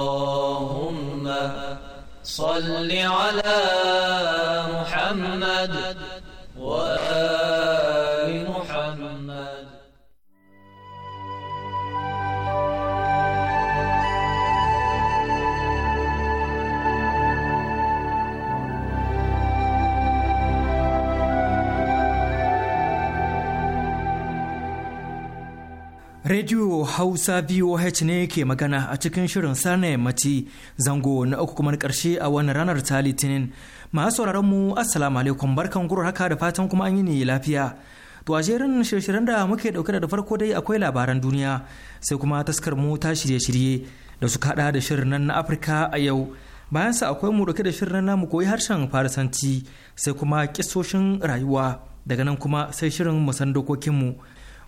اللهم صل على محمد Hausa VOH ne ke magana a cikin shirin sana yammaci zango na uku kuma karshe a wani ranar ta Litinin. Masu sauraron mu Assalamu alaikum barkan gurar haka da fatan kuma an yi ne lafiya. To a jerin shirye da muke dauke da farko dai akwai labaran duniya sai kuma taskar mu ta shirye-shirye da su kada da shirin nan na Afirka a yau. Bayan sa akwai mu dauke da shirin nan mu koyi harshen Farisanci sai kuma kisoshin rayuwa daga nan kuma sai shirin mu dokokin mu.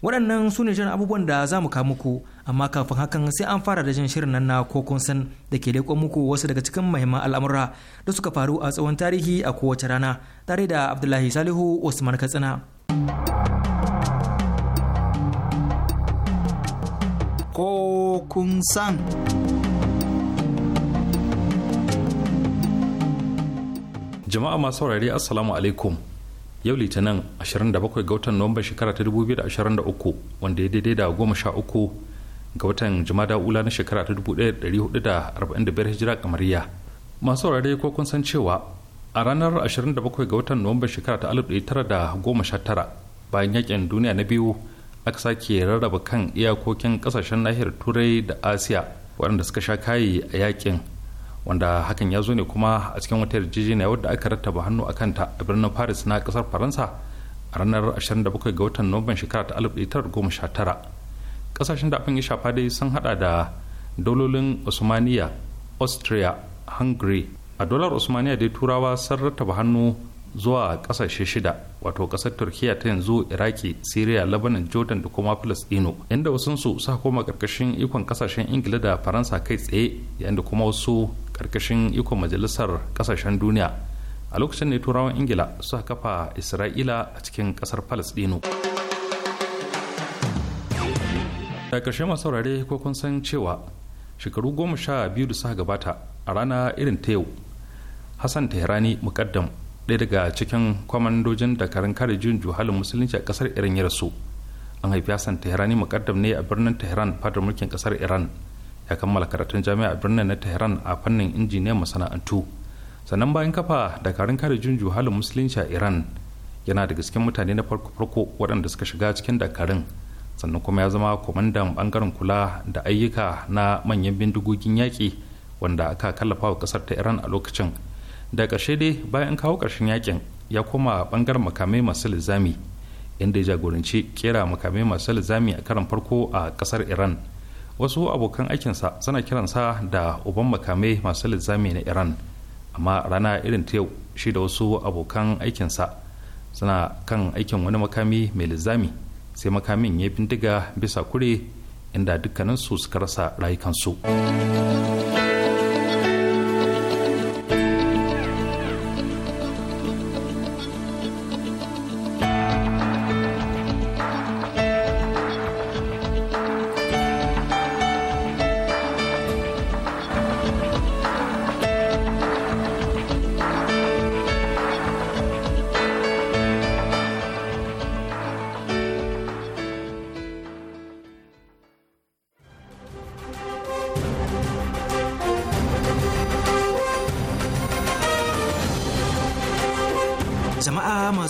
waɗannan su ne jiran abubuwan da za mu kawo muku amma kafin hakan sai an fara da jin shirin nan na kokon san da ke leƙon muku wasu daga cikin mahimman al'amura da suka faru a tsawon tarihi a kowace rana tare da abdullahi salihu usman katsina kokun san jama'a masu saurari assalamu alaikum yau litinin 27 ga watan nuwamban shekara ta 2023 wanda ya daidai da 13 ga watan jumada ula na shekara ta 1445 hijira kamariya masu saurare ko kun san cewa a ranar 27 ga watan nuwamban shekara ta 1919 bayan yakin duniya na biyu aka sake rarraba kan iyakokin kasashen nahiyar turai da asiya waɗanda suka sha kayi a yakin wanda hakan ya zo ne kuma a cikin wata yarjejeniya wadda aka rattaba hannu a kanta a birnin paris na kasar faransa a ranar 27 ga watan nuwamban shekara ta 1919 kasashen da abin ya shafa dai sun hada da dalolin usmaniya austria hungary a dolar usmaniya dai turawa sun rattaba hannu zuwa kasashe shida wato kasar turkiya ta yanzu iraki syria lebanon jordan da kuma palestino inda wasunsu suka koma karkashin ikon kasashen ingila da faransa kai tsaye yayin da kuma wasu karkashin ikon majalisar kasashen duniya a lokacin ne turawan ingila suka kafa isra'ila a cikin kasar palestino da karshe masu saurare ko kun san cewa shekaru goma sha biyu da suka gabata a rana irin ta yau hassan tehrani mukaddam ɗaya daga cikin kwamandojin dakarun kare junju juhalin musulunci a kasar iran ya rasu an haifi hassan tehrani mukaddam ne a birnin tehran fadar mulkin ƙasar iran ya kammala karatun jami'a a birnin na tehran a fannin injiniyan masana'antu sannan bayan kafa dakarun kare junju juhalin musulunci a iran yana daga cikin mutane na farko-farko waɗanda suka shiga cikin dakarun sannan kuma ya zama kwamandan bangaren kula da ayyuka na manyan bindigogin yaƙi wanda aka kallafa wa ƙasar ta iran a lokacin da ƙarshe dai bayan kawo ƙarshen yakin ya koma ɓangaren makamai masu lizami inda ya jagoranci kera makamai masu lizami a karan farko a ƙasar iran wasu abokan aikinsa suna kiransa da uban makamai masu lizami na iran amma rana irin ta yau shi da wasu abokan aikinsa suna kan aikin wani makami mai lizami sai makamin ya bindiga bisa kure inda dukkaninsu suka rasa rayukansu.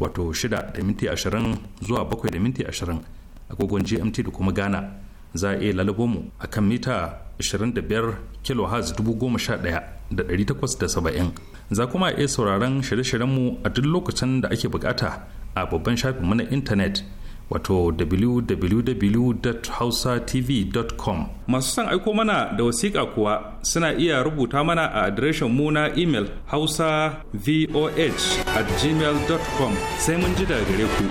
wato 6 da minti ashirin zuwa 7 da minti ashirin agogon gmt da kuma ghana za a iya lalabo mu a kan mita 25 kilohertz 11870 za kuma a iya sauraron shirye-shiryenmu a duk lokacin da ake bukata a babban shafinmu na intanet wato www.hausatv.com masu son aiko mana da wasiƙa kuwa suna iya rubuta mana a adireshin mu na imel hausa voh at gmail.com sai mun ji daga gare ku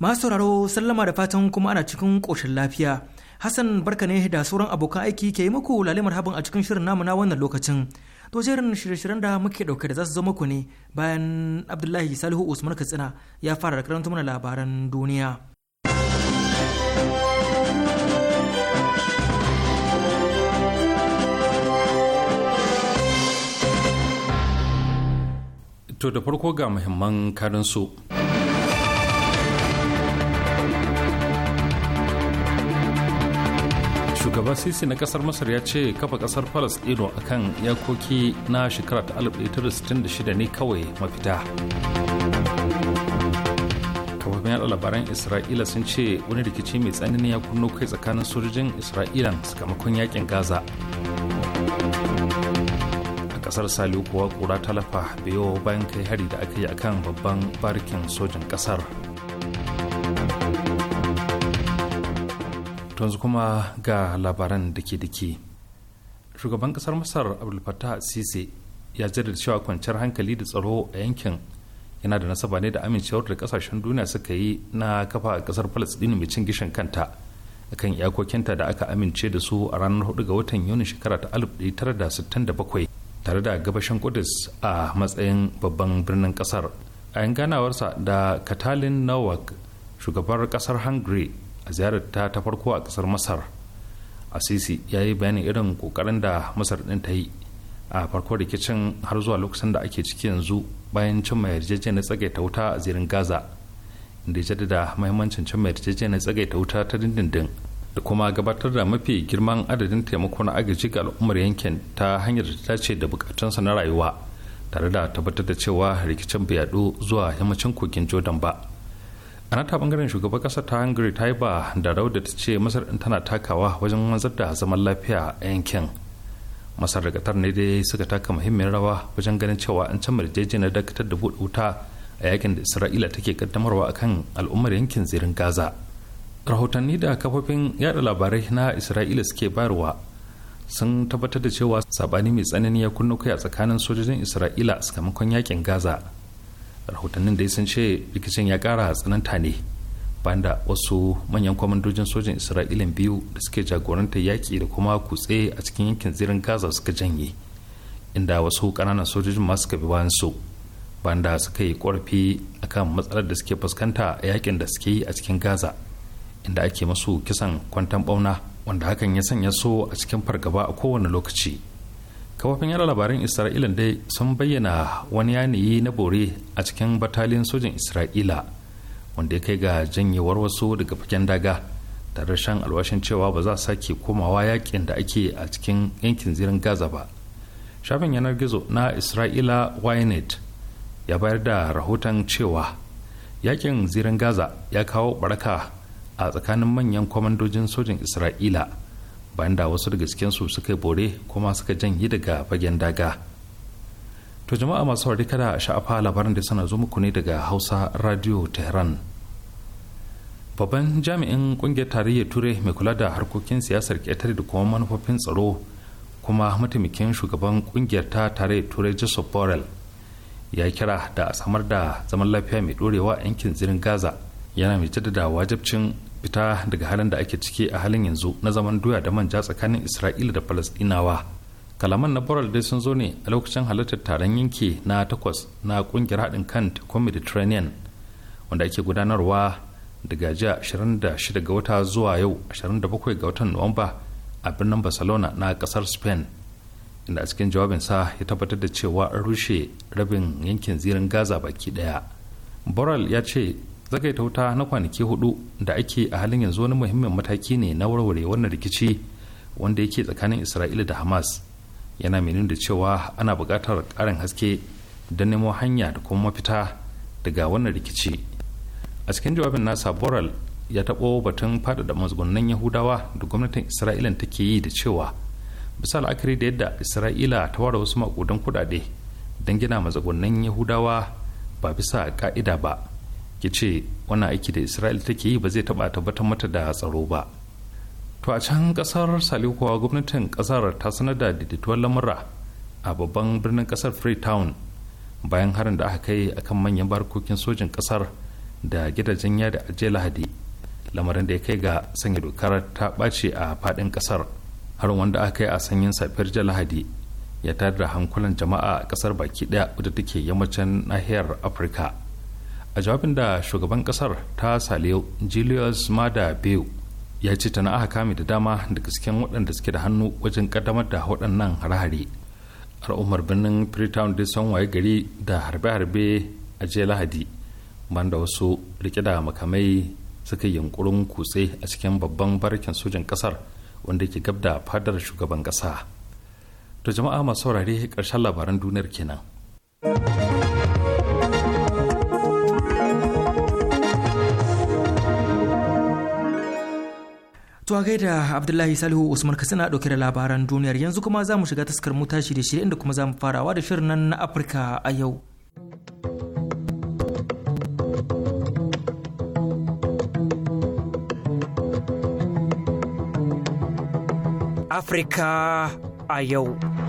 masu sauraro sallama da fatan kuma ana cikin ƙoshin lafiya Hassan barka ne da sauran abokan aiki ke yi muku lalimar habin a cikin shirin namu na wannan lokacin. To jerin shirye-shiryen da muke dauke da za su zo muku ne bayan Abdullahi Salihu Usman Katsina ya fara da karanta mana labaran duniya. To da farko ga muhimman karin su. shugaba sisi na kasar masar ya ce kafa kasar a kan yakoki na shekara ta 1966 ne kawai mafita kafafin yada labaran isra'ila sun ce wani rikici mai tsanani ya kunno kai tsakanin sojojin isra'ilan sakamakon yakin gaza a kasar saliu kuwa kura lafa biyo bayan kai hari da aka yi akan babban barikin sojin kasar yanzu kuma ga labaran da ke dake shugaban kasar masar abdulfatah sise ya jaddada cewa kwanciyar hankali da tsaro a yankin yana da nasaba ne da amincewar da kasashen duniya suka yi na kafa a kasar palestine mai cin gishin kanta kan iyakokinta da aka amince da su a ranar 4 ga watan yuni shekara ta 1967 tare da gabashin kudus a matsayin babban birnin kasar a yan ganawarsa da katalin nowak shugabar kasar hungary a ziyarar ta ta farko a kasar masar asisi ya yi bayanin irin kokarin da masar din ta yi a farko rikicin har zuwa lokacin da ake ciki yanzu bayan cimma yarjejeniyar ta wuta a zirin gaza inda ya jaddada mahimmancin cimma yarjejeniyar ta wuta ta dindindin da kuma gabatar da mafi girman adadin taimako na agaji ga al'ummar yankin ta hanyar da ta ce da bukatunsa na rayuwa tare da tabbatar da cewa rikicin bai yaɗu zuwa yammacin kogin jordan ba a nata ta bangaren shugaban kasar ta hungary ta yi ba da rauda ta ce masar tana takawa wajen wanzar da zaman lafiya a yankin masar da qatar ne dai suka taka muhimmin rawa wajen ganin cewa an cimma na dakatar da buɗe wuta a yakin da isra'ila take kaddamarwa a kan al'ummar yankin zirin gaza rahotanni da kafofin yada labarai na isra'ila suke bayarwa sun tabbatar da cewa sabani mai tsanani ya kunna kai a tsakanin sojojin isra'ila sakamakon yakin gaza rahotannin da sun ce rikicin ya kara tsananta ne bayan da wasu manyan kwamandojin sojin isra'ila biyu da suke jagorantar yaƙi da kuma kutse a cikin yankin zirin gaza suka janye inda wasu ƙananan sojojin masu suka bi bayan su bayan da suka yi ƙorafi akan matsalar da suke fuskanta a yakin da suke yi a cikin gaza inda ake masu kisan kwantan bauna wanda hakan ya sanya so a cikin fargaba a kowane lokaci kafofin yara labarin isra'ila dai sun bayyana wani yanayi na bore a cikin batalin sojin isra'ila wanda ya kai ga janyewar wasu daga fagen daga da rashin alwashin cewa ba za sake komawa yakin da ake a cikin yankin zirin gaza ba shafin yanar gizo na isra'ila ynet ya bayar da rahoton cewa yakin zirin gaza ya kawo baraka a tsakanin manyan kwamandojin sojin isra'ila bayan da wasu daga su suka bore kuma suka janye daga fagen daga to jama'a masu sauri kada sha'afa labaran da sana zo muku ne daga hausa radio tehran babban jami'in kungiyar tarayyar turai mai kula da harkokin siyasar ƙetare da kuma manufofin tsaro kuma mataimakin shugaban kungiyar ta tarayyar turai joseph borrell ya kira da a samar da zaman lafiya mai dorewa yankin zirin gaza yana mai jaddada wajabcin. fita daga halin da ake ciki a halin yanzu na zaman doya da manja tsakanin isra'ila da falasdinawa kalaman na boral dai sun zo ne a lokacin halartar taron yanki na takwas na kungiyar haɗin kan tekun mediterranean wanda ake gudanarwa daga jiya 26 ga wata zuwa yau 27 ga watan nuwamba a birnin barcelona na ƙasar spain inda a cikin jawabinsa ya tabbatar da cewa an rushe rabin yankin zirin gaza baki ɗaya boral ya ce zagaita wuta na kwanaki hudu da ake a halin yanzu wani muhimmin mataki ne na warware wannan rikici wanda yake tsakanin isra'ila da hamas yana menin da cewa ana buƙatar ƙarin haske don nemo hanya da kuma mafita daga wannan rikici a cikin jawabin nasa boral ya taɓo batun faɗaɗa mazgunan yahudawa da gwamnatin isra'ila ta ke yi da cewa bisa la'akari da yadda isra'ila ta ware wasu makudan kuɗaɗe don gina mazgunan yahudawa ba bisa ka'ida ba ya ce wani aiki da isra'il take yi ba zai taba tabbatar mata da tsaro ba to a can ƙasar salikowa gwamnatin ƙasar ta sanar da daidaituwar lamura a babban birnin ƙasar freetown bayan harin da aka kai akan manyan barkokin sojin ƙasar da gidajen yada jiya lahadi lamarin da ya kai ga sanya dokar ta ɓace a faɗin ƙasar har wanda aka kai a sanyin safiyar jiya lahadi ya tada da hankulan jama'a a ƙasar baki ɗaya wadda take yammacin nahiyar afirka a jawabin da shugaban kasar ta sale julius mada biyu ya ce tana aka kame da dama da cikin waɗanda suke da hannu wajen kaddamar da waɗannan hare al'ummar birnin freetown dai san waye gari da harbe-harbe a jiya lahadi da wasu rike da makamai suka yunkurin kutse a cikin babban barkin sojan kasar wanda ke gab da fadar shugaban kasa to jama'a masu saurare karshen labaran duniyar kenan. To a gaida Abdullahi Salihu Usman Katsina ɗauke da labaran duniyar yanzu kuma za mu shiga taskar mu tashi da shirye inda kuma za mu farawa da shirin nan na Afirka a yau. Afirka a yau.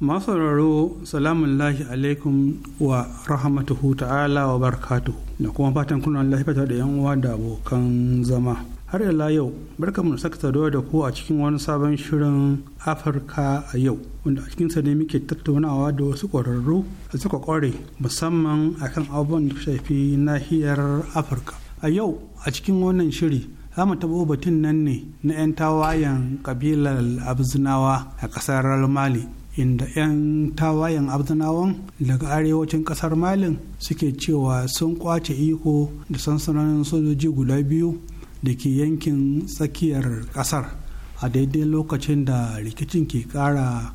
masu sauraro salamun lahi alaikum wa rahmatuhu ta'ala wa barakatuhu da kuma fatan kuna lafiya da yan uwa da abokan zama har yalla yau barka mu saka saduwa da ku a cikin wani sabon shirin afirka a yau wanda a cikinsa ne muke tattaunawa da wasu ƙwararru da suka ƙware musamman kan abubuwan da shafi nahiyar afirka a yau a cikin wannan shiri za mu taɓo batun nan ne na 'yan tawayen kabilar abzinawa a ƙasar mali inda 'yan tawayen abdunawan daga arewacin kasar malin suke cewa sun kwace iko da sansanonin sojoji guda biyu da ke yankin tsakiyar kasar a daidai lokacin da rikicin ke kara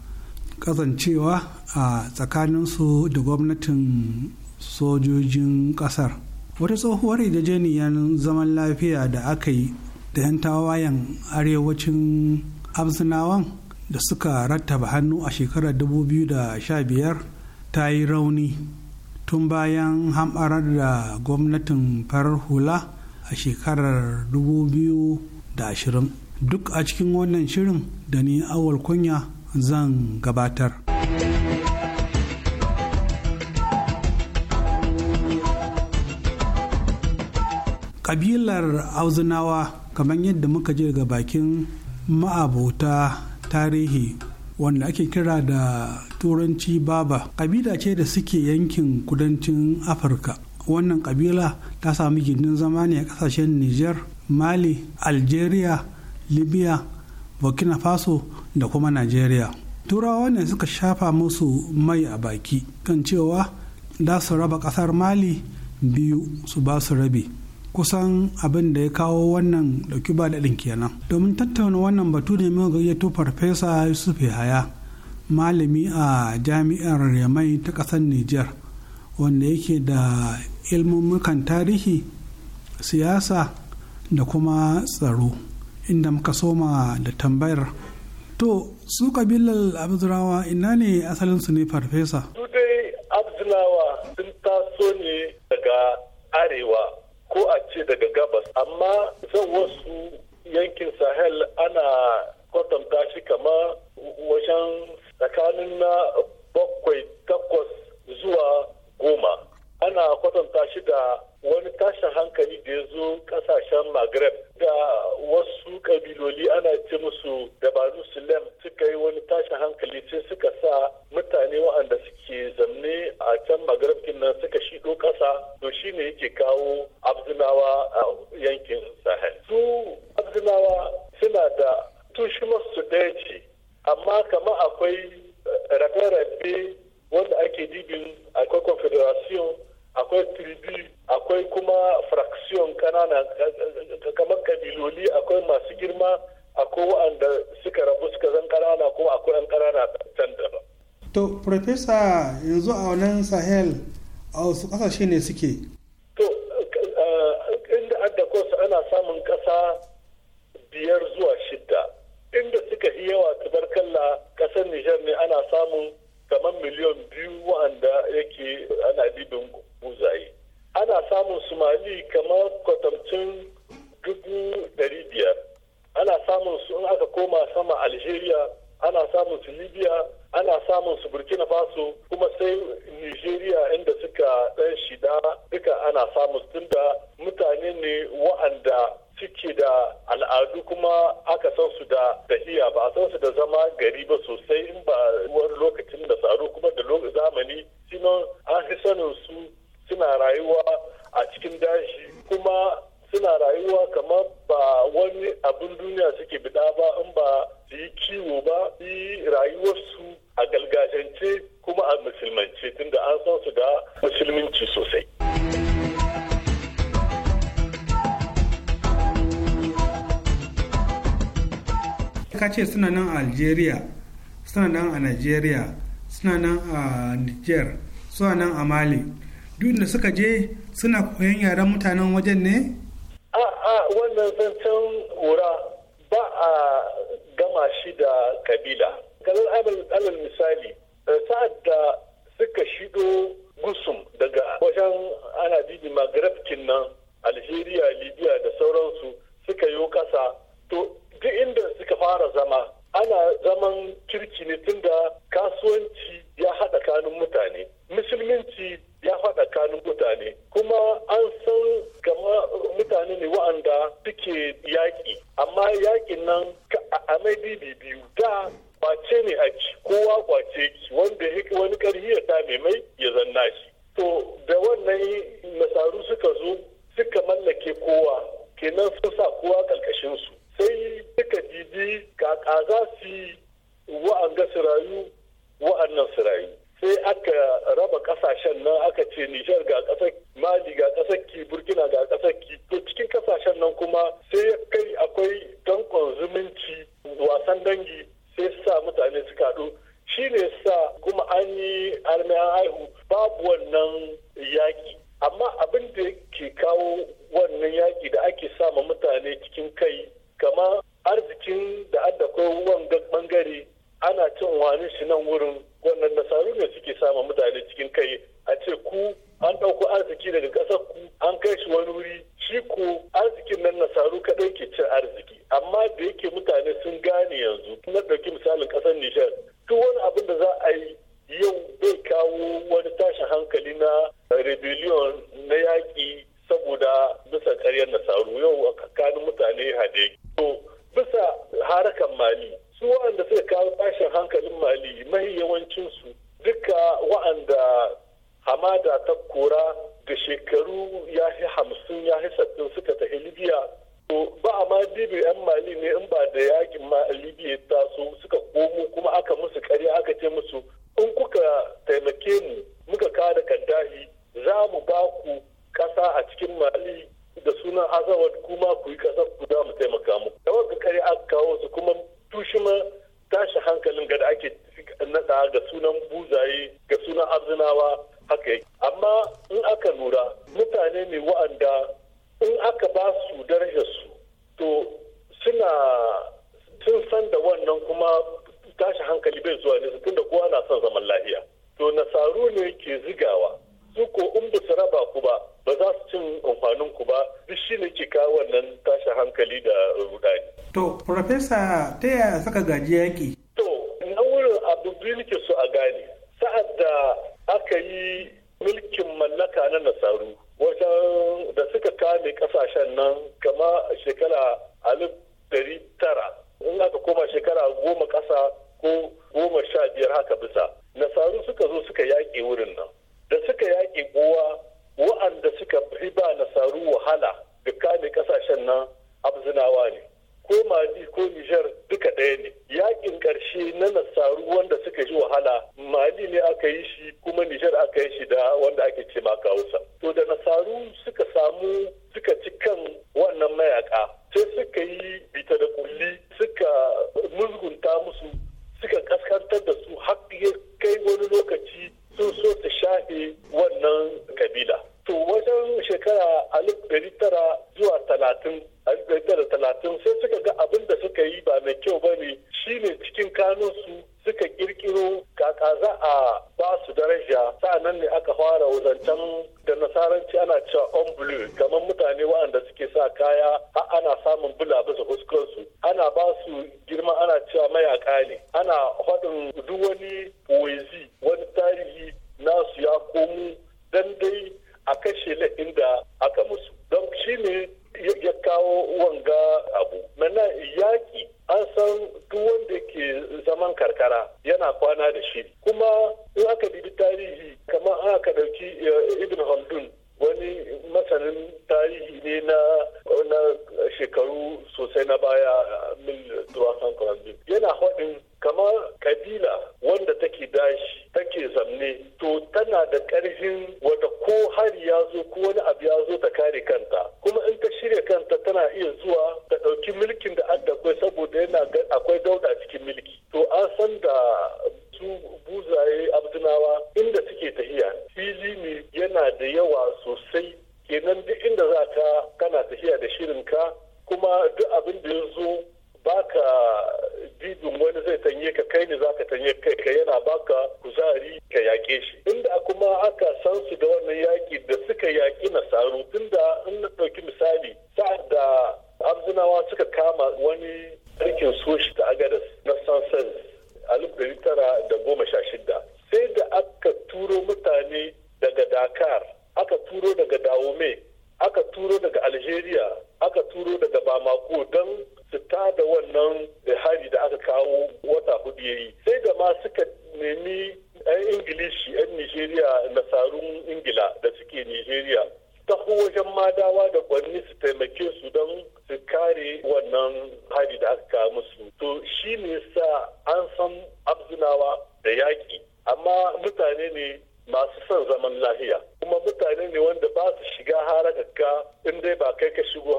kasancewa a tsakaninsu da gwamnatin sojojin kasar wata tsohuwar idajeniyar zaman lafiya da aka yi da 'yan tawayen arewacin absinawan da suka rattaba hannu a shekarar 2015 ta yi rauni tun bayan hamɓarar da gwamnatin farar hula a shekarar 2020 duk a cikin wannan shirin da ni awal kunya zan gabatar kabilar auzunawa kamar yadda muka je ga bakin ma'abota tarihi wanda ake kira da turanci baba kabila ce da suke yankin kudancin afirka wannan kabila ta sami gindin zama ne a kasashen niger mali algeria libya burkina faso da kuma nigeria turawa ne suka shafa musu mai a baki kan cewa za su raba kasar mali biyu su ba su rabi kusan abin da ya kawo wannan dauki ba daɗin kenan domin tattauna wannan batu ne muka gayyato farfesa yusuf yahaya malami a jami'ar yamai ta ƙasar niger wanda yake da ilmummukan tarihi siyasa da kuma tsaro inda muka soma da tambayar to su kabilar abdurawa ina ne asalinsu ne farfesa su dai sun taso ne daga arewa ko a ce daga gabas amma zan wasu yankin sahel ana kwatanta shi kama wajen tsakanin na bakwai takwas zuwa goma ana kwatanta shi da wani tashin hankali da ya zo kasashen maghreb da wasu kabiloli ana ce musu dabaru sulem suka yi wani tashin hankali sai suka sa mutane waɗanda suke zamne a can maghreb nan suka shigo ƙasa to shine yake kawo abzinawa a yankin sahel su abzinawa suna da tushe masu ɗaya ce amma kama akwai rabe-rabe wanda ake dibin akwai confederation akwai tribune akwai kuma fraction kanana kamar kabiloli akwai masu girma akwai wa'anda suka rabu suka zan kanana kuma akwai yan kanana can daba. to profesa yanzu a wannan sahel a wasu kasashe ne suke to eh, inda adda ana samun kasa biyar zuwa shidda inda suka yi yawa tabarkalla ƙasar nijar ne ana samun kamar miliyan biyu wa'anda yake ana libin buzaye ana samun sumali kamar kwatamcin dubu dari biyar ana samun su in aka koma sama algeria ana samun su libya ana samun su burkina faso kuma sai nigeria inda suka ɗan shida duka ana samun tunda mutane ne wa'anda suke da al'adu kuma aka san su da tahiya ba a san su da zama gari ba sosai in ba wani lokacin da tsaro kuma da zamani sinon an fi sanin su suna rayuwa a cikin dashi kuma suna rayuwa kamar ba wani abin duniya suke bida ba in ba su yi kiwo ba su yi rayuwarsu a galgashance kuma a musulmanci tunda an san su da musulminci sosai. ka ce suna nan a algeria suna nan a nigeria suna nan a niger suna nan a mali duk da suka je suna koyan yaren mutanen wajen ne? A'a wannan zancen wura ba a gama shi da kabila. Kalar alal misali, eh, sa'ad da suka shigo gusum daga wajen ana didi Maghreb kinnan Algeria, Libya da sauransu suka yi kasa. To duk inda suka fara zama, ana zaman kirki ne tun da wannan azabar kuma ku yi ƙasar ku za mu taimaka mu da wasu kare aka kawo su kuma ma tashi hankalin gada ake nasa ga sunan buzaye ga sunan arzinawa haka yake amma in aka lura mutane ne wa'anda in aka ba su su to suna sun san da wannan kuma tashi hankali bai zuwa ne tunda kowa na son zaman lafiya to nasaru ne ke zigawa muku in ba su raba ku ba ba za su cin amfanin ku ba duk shi ne ke kawo wannan tashi hankali da rudani. To, Profesa, ta yaya saka gaji yaƙi? To, na wurin abu biyu nake so a gane. Sa'ad da aka yi mulkin mallaka na nasaru wajen da suka kame kasashen nan kama shekara alif ɗari tara in aka koma shekara goma ƙasa ko goma sha biyar haka bisa nasaru suka zo suka yaƙi wurin nan da suka yaƙi kowa wa'anda suka fi ba nasaru wahala da kame kasashen nan abzinawa ne ko mali ko nijar duka ɗaya ne yaƙin ƙarshe na nasaru wanda suka yi wahala mali ne aka yi shi kuma nijar aka yi shi da wanda ake ce ma kawusa to da nasaru suka samu suka ci kan wannan mayaka sai suka yi bita da kulli suka musgunta musu suka kaskantar da su har kai wani lokaci sun so su shafe wannan kabila to wajen shekara alif ɗari tara zuwa talatin alif ɗari tara talatin sai suka ga abin da suka yi ba mai kyau ba ne shine cikin kanunsu suka kirkiro kaka za a ba su daraja sa'annan ne aka fara wazancan da nasaranci ana cewa on blue kamar mutane waɗanda suke sa kaya har ana samun bula bisa fuskarsu ana ba su girma ana cewa mayaka ne ana faɗin duk wani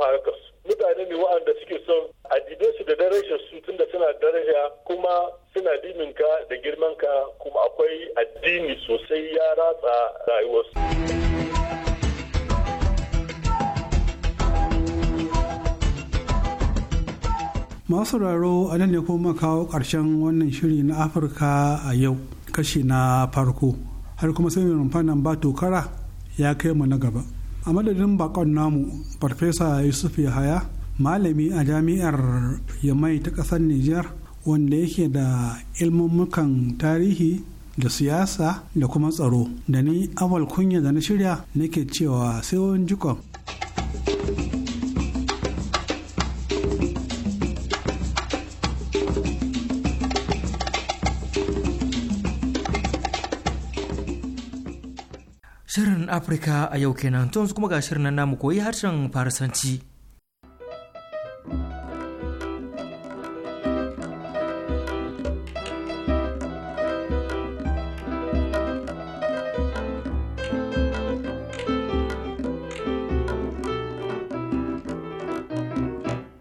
harkar mutane ne wa'anda suke son a su da darajar su tun da suna daraja kuma suna ka da girmanka kuma akwai addini sosai ya ratsa rayuwarsu. masu raro a nan ne kuma kawo ƙarshen wannan shiri na afirka a yau kashi na farko har kuma sai mai rumfanan ba tokara ya kai mu na gaba. a madadin bakon namu farfesa yusuf yahaya malami a jami'ar yamai ta ƙasar nijar wanda yake da ilmummukan tarihi da siyasa da kuma tsaro da ni awal kunya da na shirya nake cewa sai wani jikon Shirin Afirka a yau kenan to kuma ga shirin nan namu koyi harshen Farisanci.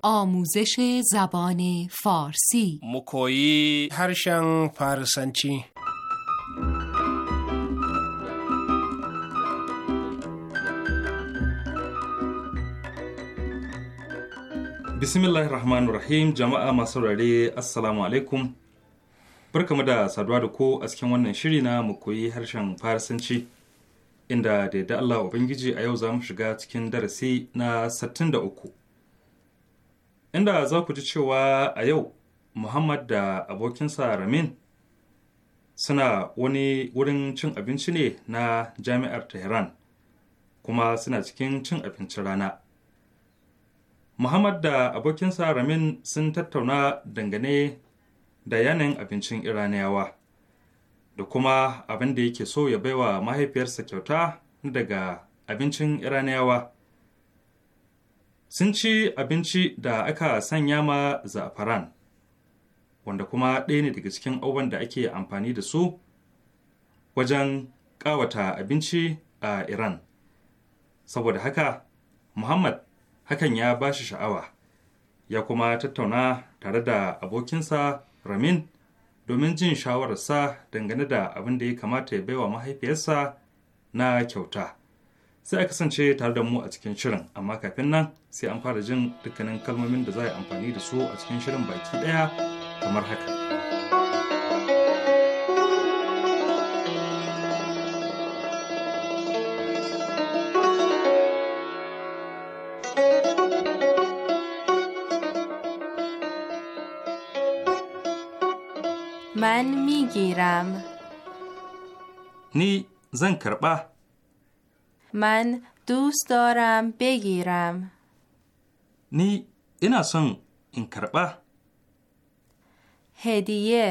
آموزش زبان فارسی مکویی هرشن فارسنچی bismillahir rahmanir rahim jama'a masu rare assalamu alaikum barkamu da saduwa da ko a cikin wannan shiri na mu koyi harshen farisanci inda da yadda Allah ubangiji a yau za mu shiga cikin darasi na da uku. inda za ku ji cewa a yau muhammad da abokinsa ramin suna wani wurin cin abinci ne na jami'ar tehran kuma suna cikin cin abincin rana Muhammad da abokinsa Ramin sun tattauna dangane da yanayin abincin Iraniyawa da kuma abin da yake so ya baiwa mahaifiyarsa kyauta daga abincin Iraniyawa. Sun ci abinci da aka sanya ma za'afaran, wanda kuma ɗaya ne daga cikin abubuwan da ake amfani da su wajen ƙawata abinci a Iran. Saboda haka, Muhammad hakan ya ba shi sha'awa ya kuma tattauna tare da abokinsa ramin domin jin shawararsa dangane da abin da ya kamata ya bai wa mahaifiyarsa na kyauta sai a kasance tare da mu a cikin shirin amma kafin nan sai an fara jin dukkanin kalmomin da za a yi amfani da su a cikin shirin baki ɗaya kamar haka giram. Ni zan karɓa. Man dus doram be Ni ina son in karɓa. Hediye.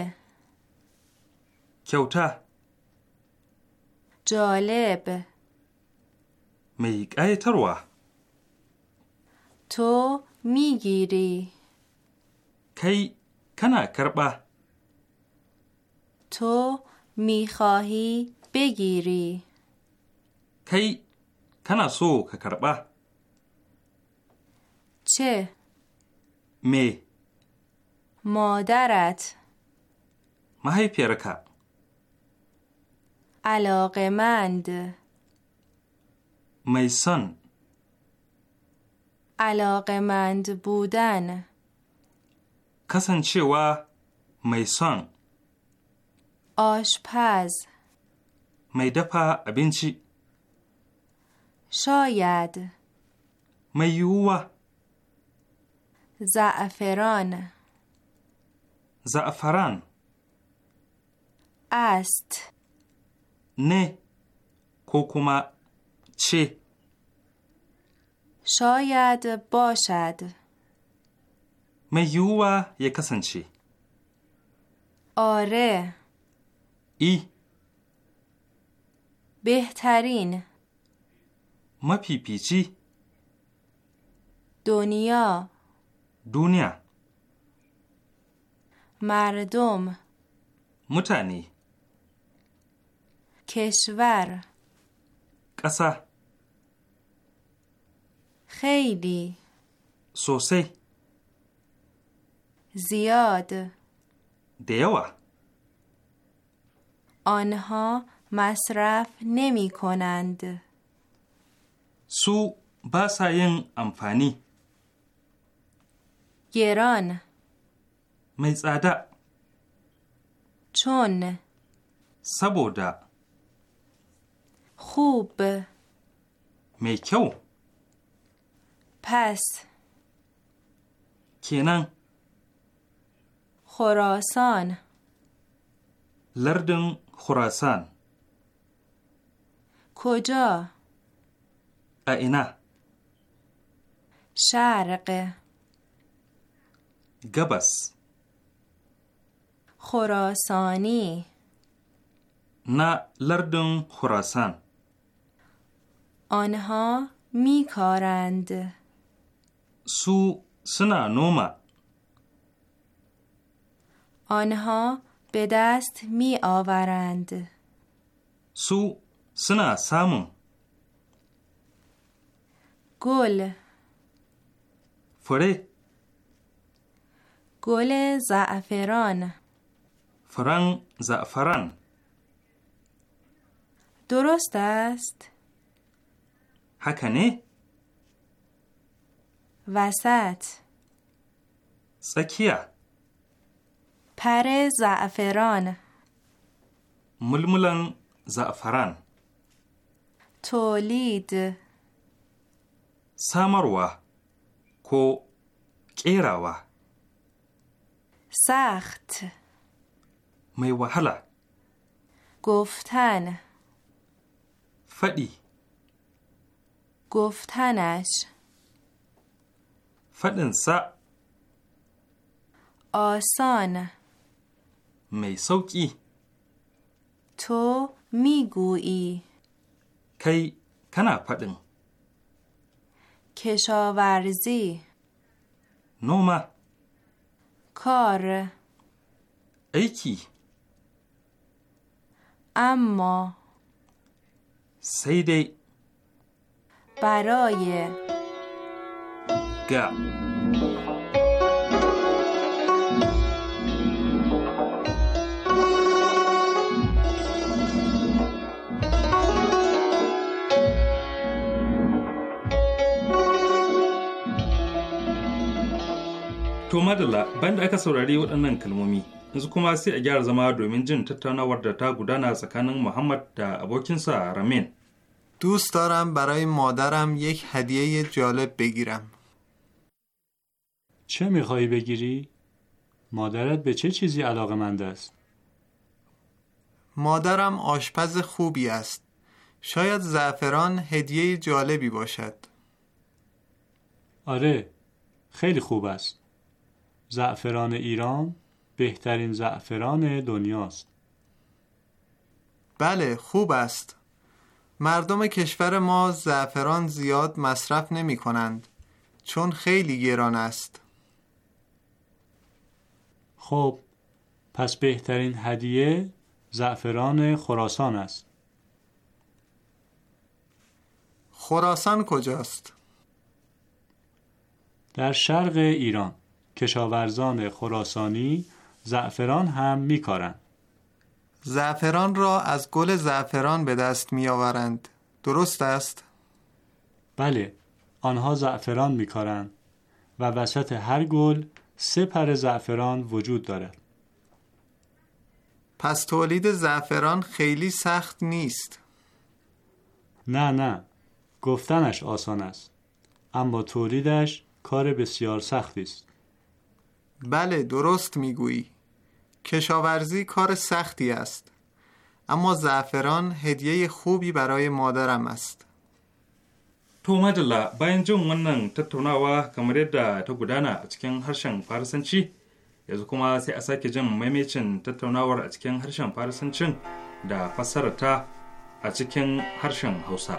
Kyauta. Juleb. Mai kayatarwa? To mi gidi. Kai kana karɓa? تو خواهی بگیری کی کنا سو که چه می مادرت پیرکا علاقمند میسان علاقمند بودن کسان چه و میسان آشپز mai dafa abinci شاید mai yiwuwa زعفران زعفران است نه کوکوما چه شاید باشد mai yiwuwa ya kasance آره ای بهترین ما پی پی دنیا دنیا مردم متنی کشور قصه خیلی سوسی زیاد دیوه آنها مصرف نمی کنند سو باساین امفانی گران می چون سبودا خوب میکو پس کنن خراسان لردن خراسان کجا؟ اینه شرق گبس خراسانی نه لردن خراسان آنها میکارند سو سنا نوما آنها به دست می آورند سو سنا سامون گل فره گل زعفران فران زعفران درست است حکنه. وسط سکیه pare zaferan mulmulan zaferan tolid samarwa ko kerawa sakht mai wahala goftan fadi goftanash fadin sa Oh, می سوکی تو میگویی کی کنا پدن کشاورزی نوما کار ایکی اما سیدی برای گا To madalla banda aka saurari waɗannan kalmomi yanzu kuma sai a gyara zama domin jin tattaunawar da ta gudana tsakanin Muhammad da abokinsa Ramin. دوست دارم برای مادرم یک هدیه جالب بگیرم. چه میخوای بگیری؟ مادرت به چه چیزی علاقه است؟ مادرم آشپز خوبی است. شاید زعفران هدیه جالبی باشد. آره، خیلی خوب است. زعفران ایران بهترین زعفران دنیاست بله خوب است مردم کشور ما زعفران زیاد مصرف نمی کنند چون خیلی گران است خب پس بهترین هدیه زعفران خراسان است خراسان کجاست؟ در شرق ایران کشاورزان خراسانی زعفران هم میکارند. زعفران را از گل زعفران به دست میآورند. درست است؟ بله، آنها زعفران میکارند و وسط هر گل سه پر زعفران وجود دارد. پس تولید زعفران خیلی سخت نیست. نه نه، گفتنش آسان است. اما تولیدش کار بسیار سختی است. بله درست میگویی کشاورزی کار سختی است اما زعفران هدیه خوبی برای مادرم است To Madalla bayan jin wannan tattaunawa kamar yadda ta gudana a cikin harshen Farisanci, yanzu kuma sai a sake jin maimacin tattaunawar a cikin harshen Farisancin da fassarata a cikin harshen Hausa.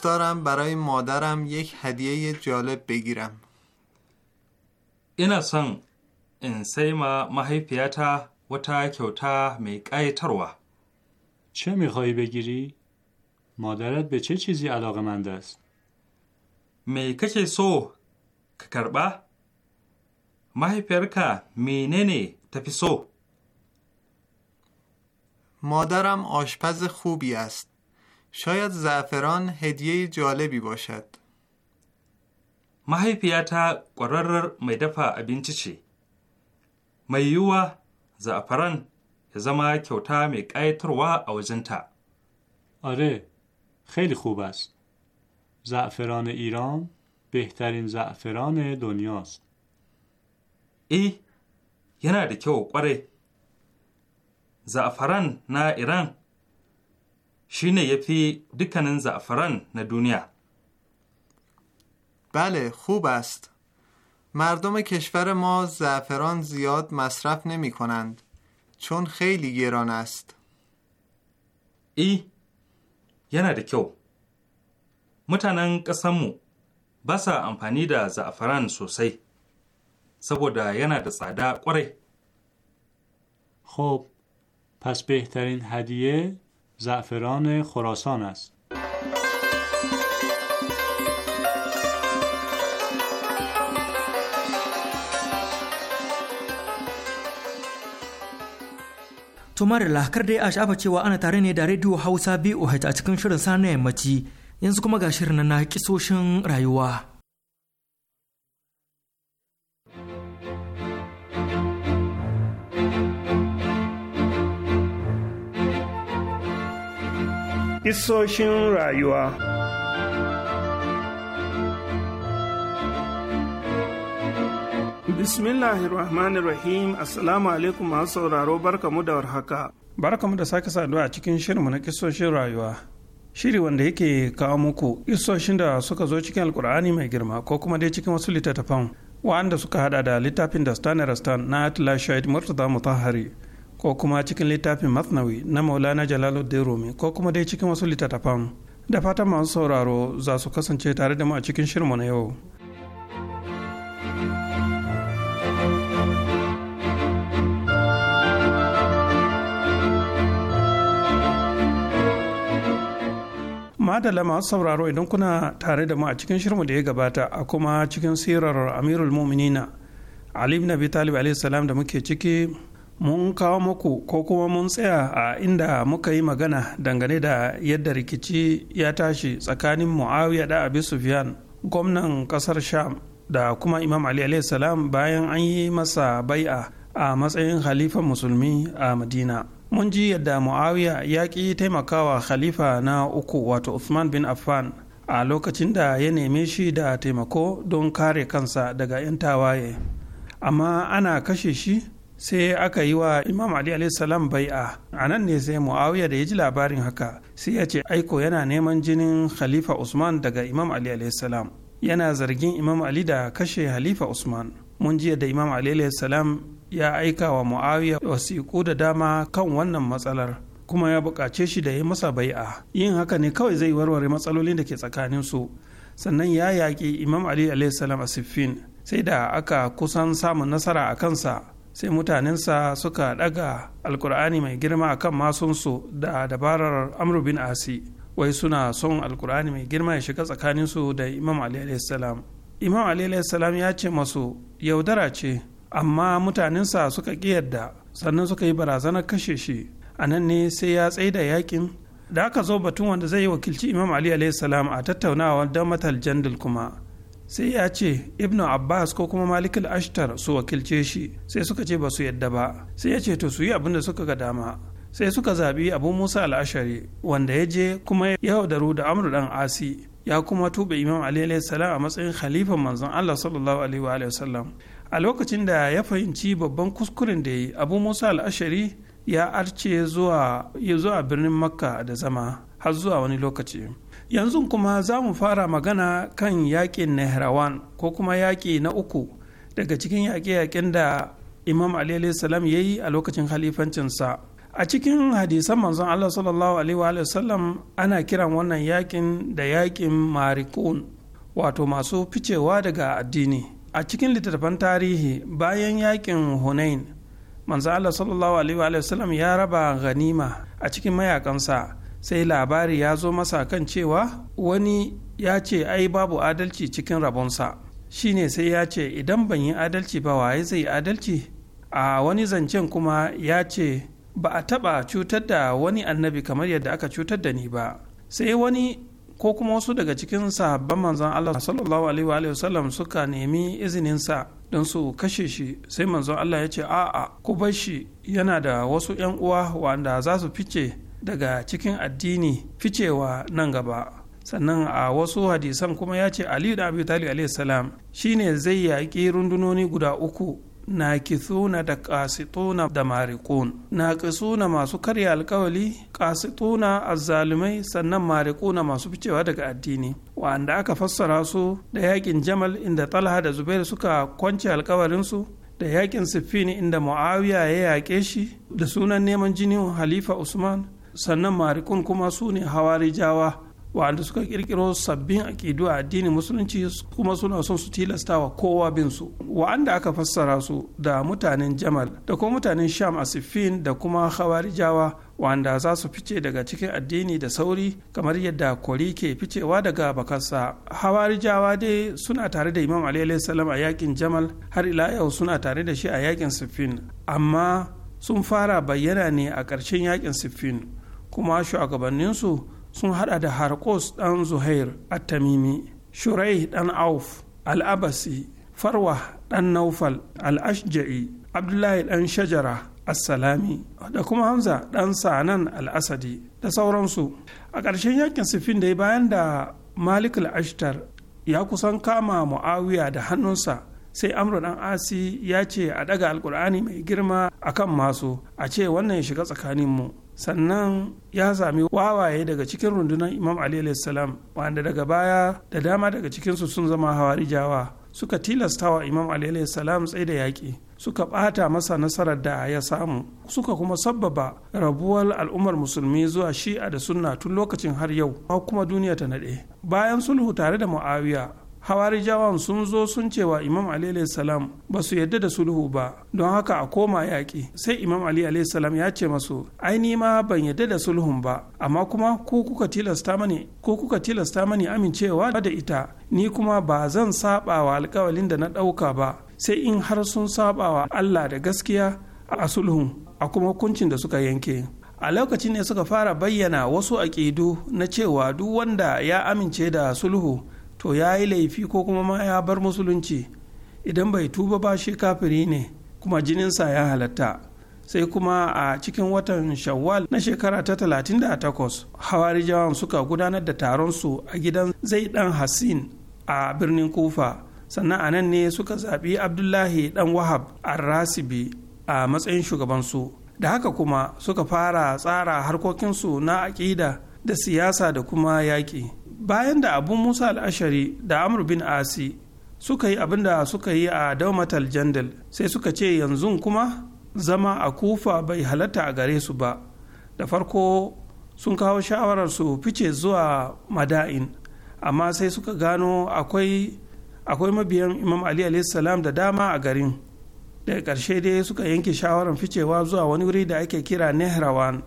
دارم برای مادرم یک هدیه جالب بگیرم. اینا سن in پیاتا و mahaifiyata wata kyauta mai چه میخوای بگیری؟ مادرت به چه چیزی علاقه است؟ می کچه سو که مهی مهیپرکا میننه تفی سو؟ مادرم آشپز خوبی است. شاید زعفران هدیه جالبی باشد. mahaifiyata ƙwararrar mai dafa abinci ce mai yiwuwa za'afaran ya zama kyauta mai آره خیلی خوب است زعفران ایران بهترین زعفران دنیاست ای yana da kyau kwarai za'afaran na ایران. shine yafi dukkanin za'afaran na duniya. بله خوب است مردم کشور ما زعفران زیاد مصرف نمی کنند چون خیلی گران است ای yana da kyau mutanen ƙasanmu ba sa amfani da za'afaran sosai saboda yana da tsada ƙwarai خب پس بهترین هدیه زعفران خراسان است. Tumar lahkar dai a shafa cewa ana tare ne da rediyo Hausa BOH a cikin shirin sa na yammaci yanzu kuma ga shirin na kisoshin rayuwa. Isoshin rayuwa. Bismillahirrahmanirrahim Assalamu alaikum masu sauraro barkamu da warhaka. Barkamu da sake saduwa a cikin shirinmu na isoshin rayuwa. Shiri wanda yake kawo muku isoshin da suka zo cikin alkur'ani mai girma ko kuma dai cikin wasu littattafan wa'anda suka hada da littafin da stan na Atila Shahid Murtaza Mutahari. ko kuma cikin littafin masnawi na maulana jalaluddin rumi ko kuma dai cikin wasu littattafan da fatan masu sauraro za su kasance tare da mu a cikin shirinmu na yau madalla masu sauraro idan kuna tare da mu a cikin shirinmu da ya gabata a kuma cikin sirar amirul muminina ali ibn abi talib alaihi da muke ciki mun kawo muku ko kuma mun tsaya a inda muka yi magana dangane da yadda rikici ya tashi tsakanin muawiya da abi sufyan gwamnan kasar sham da kuma imam ali salam bayan an yi masa bai'a a matsayin halifan musulmi a madina mun ji yadda muawiya ya ƙi taimakawa khalifa na uku wato Usman bin affan a lokacin da ya neme shi da taimako don kare kansa daga 'yan tawaye amma ana kashe shi sai aka yi wa imam ali salam bai'a a nan ne sai muawiya da ya ji labarin haka sai ya ce aiko yana neman jinin khalifa usman daga imam ali salam yana zargin imam ali da kashe Khalifa usman mun jiya da imam ali salam ya aika wa muawiya wasiƙu da dama kan wannan matsalar kuma ya buƙace shi da ya masa bai'a yin haka ne kawai zai warware matsalolin da ke tsakaninsu sannan ya yaƙi imam ali salam a siffin sai da aka kusan samun nasara a kansa sai mutanensa suka ɗaga alkur'ani mai girma kan masunsu da dabarar amru bin asi wai suna son alkur'ani mai girma ya shiga tsakaninsu da imam ali salam imam ali salam ya ce masu yaudara ce amma mutanensa suka ƙi yadda sannan suka yi barazanar kashe shi a nan ne sai ya tsaida yakin da aka zo batun wanda zai yi wakilci imam ali salam a tattaunawa don matal jandul kuma sai ya ce ibnu abbas ko kuma malik ashtar su wakilce shi sai suka ce ba su yadda ba sai ya ce to su yi abin da suka ga dama sai suka zaɓi abu musa al'ashari wanda ya je kuma ya haudaru da amru dan asi ya kuma tuba imam ali salam a matsayin khalifan manzon allah sallallahu alaihi wa sallam a lokacin da ya fahimci babban kuskuren da ya yi abu musa al'ashari ya arce zuwa birnin makka da zama har zuwa wani lokaci yanzu kuma za mu fara magana kan yaƙin nehrawan ko kuma yaƙi na uku daga cikin yaƙe-yaƙen da imam ali salam ya yi a lokacin halifancinsa a cikin hadisan manzon allah sallallahu alaihi wa sallam ana kiran wannan yaƙin da yaƙin marikun wato masu ficewa daga addini a cikin littattafan tarihi bayan yaƙin hunain manzon allah sallallahu alaihi wa sallam ya raba ganima a cikin mayakansa sai labari ya zo masa kan cewa wani ya ce ai babu adalci cikin rabonsa shine sai ya ce idan ban yi adalci ba waye zai adalci a wani zancen kuma ya ce ba a taɓa cutar da wani annabi kamar yadda aka cutar da ni ba sai wani ko kuma wasu daga cikin sahabban manzon Allah sallallahu alaihi wa sallam suka nemi sa don su kashe shi sai manzon Allah ya ce a'a ku bar shi yana da wasu 'yan uwa wanda za su fice daga cikin addini ficewa nan gaba sannan a wasu hadisan kuma ya ce aliyu da abu talib salam shine zai yaƙi rundunoni guda uku na kithuna da kasituna da marikun na kisuna masu karya alkawali kasituna azzalumai sannan marikuna masu ficewa daga addini wa'anda aka fassara su da yakin jamal inda talha da zubair suka kwance alkawarinsu da yakin siffin inda muawiya ya yaƙe shi da sunan neman jinin halifa usman sannan marikun kuma su ne rijawa wa'anda suka kirkiro sabbin aƙidu a addinin musulunci kuma suna son su tilasta wa kowa bin su wa'anda aka fassara su da mutanen jamal da kuma mutanen sham a siffin da kuma rijawa wa'anda za su fice daga cikin addini da sauri kamar yadda kori ke ficewa daga bakarsa rijawa dai suna tare da imam alayhi salam a yakin jamal har ila yau suna tare da shi a yakin siffin amma sun fara bayyana ne a ƙarshen yakin siffin kuma shugabanninsu sun hada da harkos dan zuhair at-tamimi shurai dan auf al-abasi farwa dan naufal al-ashja'i abdullahi dan shajara assalami da kuma hamza dan sanan al-asadi da sauransu a ƙarshen yakin sifin da bayan da malik al-ashtar ya kusan kama muawiya da hannunsa sai amru dan asi ya ce a daga alkur'ani mai girma akan masu a ce wannan ya shiga tsakaninmu sannan ya sami wawaye daga cikin rundunar imam ali salam wanda daga baya da dama daga cikinsu sun zama hawarijawa suka tilastawa imam ali salam tsaye da yaƙi suka ɓata masa nasarar da ya samu suka kuma sabbaba rabuwar al'ummar musulmi zuwa shi'a da sunna tun lokacin har yau kuma duniya ta naɗe bayan sulhu tare da muawiya hawarijawan sun zo sun cewa imam ali salam ba su yadda da sulhu ba don haka a koma yaƙi sai imam ali salam ya ce masu ai ni ma ban yadda da sulhun ba amma kuma ku kuka tilasta mani ku kuka tilasta mani amincewa da ita ni kuma ba zan saba wa alkawalin da na ɗauka ba sai in har sun saba wa allah da gaskiya a sulhun a kuma hukuncin da suka yanke a lokacin ne suka fara bayyana wasu aƙidu na cewa duk wanda ya amince da sulhu to ya yi laifi ko kuma ma ya bar musulunci idan bai tuba ba shi kafiri ne kuma jininsa ya halatta sai kuma a cikin watan shawwal na shekara ta 38 hawarijawan suka gudanar da taron su a gidan zai dan hassin a birnin kufa sannan a nan ne suka zaɓi abdullahi dan wahab arrasibi a matsayin shugabansu da haka kuma suka fara tsara harkokinsu na aƙida da siyasa da kuma yaƙi bayan da abu musa al'ashari da amr bin asi suka yi abin da suka yi a daumatal jandal sai suka ce yanzu kuma zama a kufa bai halatta a gare su ba da farko sun kawo shawarar su fice zuwa mada'in amma sai suka gano akwai akwai mabiyan imam ali salam da dama a garin daga ƙarshe dai suka yanke shawarar ficewa zuwa wani wuri da ake kira nehrawan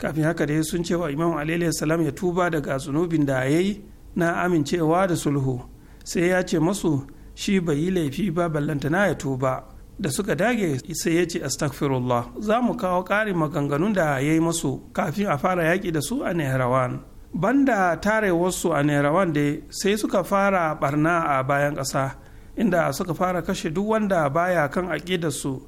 kafin haka dai sun cewa imam alayhi salam ya tuba daga zunubin da ya yi na amincewa da sulhu sai ya ce masu shi bai yi laifi ba ballantana ya tuba da suka dage sai ya ce astaghfirullah za mu kawo ƙarin maganganun da ya yi masu kafin a fara yaƙi da su a nehrawan banda tare wasu a nehrawan da sai suka fara barna a bayan ƙasa inda suka fara kashe duk wanda baya kan aƙidarsu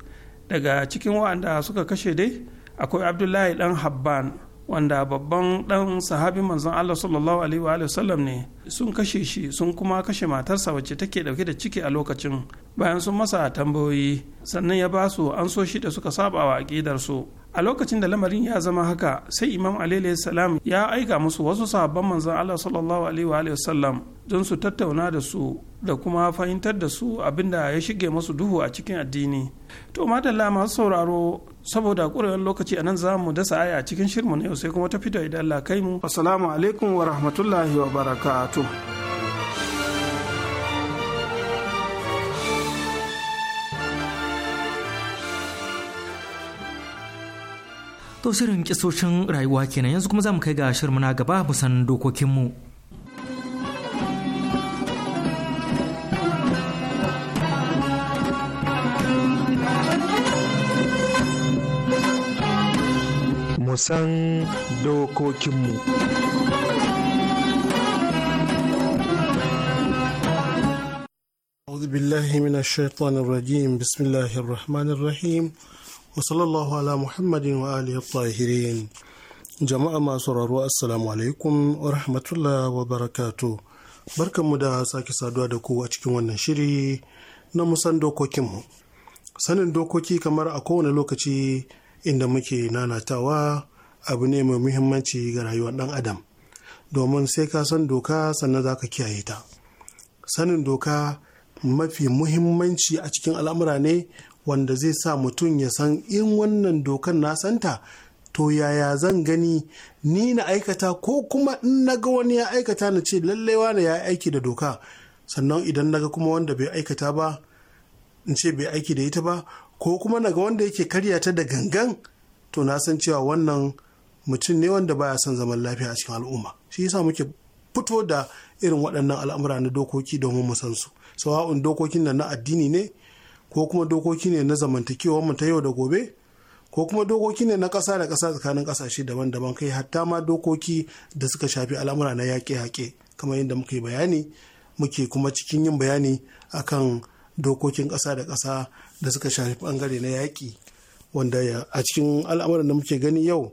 daga cikin waɗanda suka kashe dai akwai abdullahi dan habban wanda babban dan sahabi manzon Allah sallallahu alaihi wa sallam ne sun kashe shi sun kuma kashe matarsa wacce take dauke da ciki a lokacin bayan sun masa tambayoyi sannan ya ba su an so shi da suka saba wa aqidar su a lokacin da lamarin ya zama haka sai imam alaihi salam ya aika musu wasu sahabban manzon Allah sallallahu alaihi wa sallam don su tattauna da su da kuma fahimtar da su abinda ya shige musu duhu a cikin addini to madalla masu sauraro saboda ƙurewar lokaci anan nan za mu dasa aya a cikin shirmu na yau sai kuma ta fito idan Allah kai mu assalamu alaikum wa rahmatullahi wa barakatuh To shirin kisoshin rayuwa kenan yanzu kuma za mu kai ga shirmu na gaba mu san dokokinmu. san dokokinmu. Auzu billahi mina shaitanin rajim bismillahir rahmanir rahim wa sallallahu ala muhammadin wa alihi tahirin jama'a masu raro assalamu alaikum wa rahmatullah wa barakatu barkanmu da sake saduwa da kowa cikin wannan shiri na musan dokokinmu sanin dokoki kamar a kowane lokaci inda muke nanatawa abu ne mai muhimmanci ga rayuwar ɗan adam domin sai ka san doka sannan za ka kiyaye ta sanin doka mafi muhimmanci a cikin al'amura ne wanda zai sa mutum ya san in wannan dokan na santa to yaya zan gani ni na aikata ko kuma in na ga wani ya aikata na ce lallai wani ya aiki da doka sannan idan na ga kuma wanda bai aikata ba in ce bai aiki da ita ba ko kuma daga wanda yake karya ta da gangan to na san cewa wannan mutum ne wanda baya son zaman lafiya a cikin al'umma shi yasa muke fito da irin waɗannan al'amura na dokoki domin mu san su sawa'un dokokin nan na addini ne ko kuma dokoki ne na zamantakewar mu ta yau da gobe ko kuma dokoki ne na ƙasa da ƙasa tsakanin ƙasashe daban-daban kai hatta ma dokoki da suka shafi al'amura na yaƙe-yaƙe kamar yadda muka bayani muke kuma cikin yin bayani akan dokokin ƙasa da ƙasa da suka shafi bangare na yaƙi wanda a cikin al'amuran da muke gani yau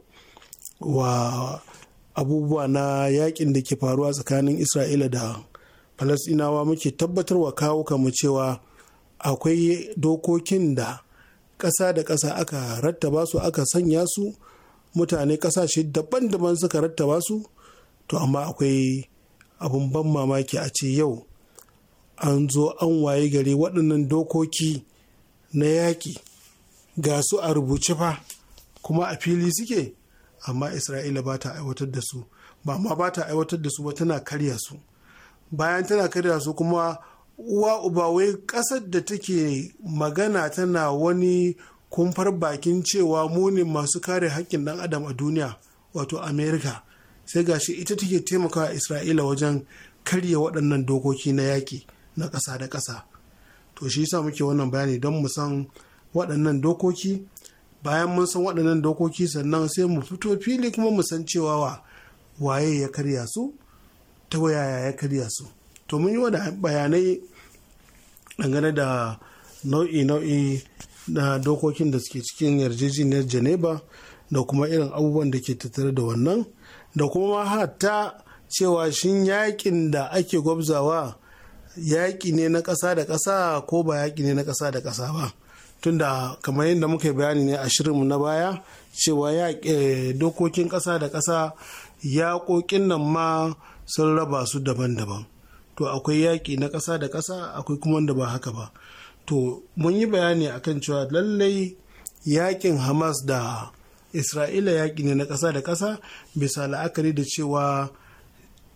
wa abubuwa na yaƙin da ke faruwa tsakanin isra'ila da falasinawa muke tabbatarwa kawo mu cewa akwai dokokin da ƙasa da ƙasa aka rattaba su aka sanya su mutane ƙasashe daban-daban suka rattaba su to amma akwai abin ban mamaki a ce yau an zo an waye gari waɗannan dokoki na yaƙi ga su a rubuce fa kuma a fili suke amma isra'ila ba ta aiwatar da su ba ma ba ta aiwatar da su ba tana karya su bayan tana karya su kuma uwa uba wai ƙasar da take magana tana wani kumfar bakin cewa muni masu kare haƙƙin ɗan adam a duniya wato Amerika, sai gashi ita take taimakawa isra'ila wajen karya waɗannan dokoki na yaƙi na ƙasa da ƙasa to shi yasa muke wannan bayani don mu san waɗannan dokoki bayan mun san waɗannan dokoki sannan sai mu fito fili kuma mu san cewa wa waye ya karya su ta yaya ya karya su to mun yi wada bayanai dangane da nau'i-nau'i na dokokin da suke cikin yarjejeniyar geneva da kuma irin abubuwan da ke tattare da wannan da kuma hatta cewa shin yakin da ake gwabzawa yaƙi ne na ƙasa da ƙasa ko ba yaƙi ne na ƙasa da ƙasa ba tunda kamar yadda muka bayani ne a shirinmu na baya cewa eh, dokokin ƙasa da ƙasa yaƙoƙin nan ma sun raba su daban-daban to akwai yaƙi na ƙasa da ƙasa akwai kuma wanda ba haka ba to mun yi bayani akan cewa lallai yaƙin hamas da isra'ila yaƙi ne na ƙasa da ƙasa bisa la'akari da cewa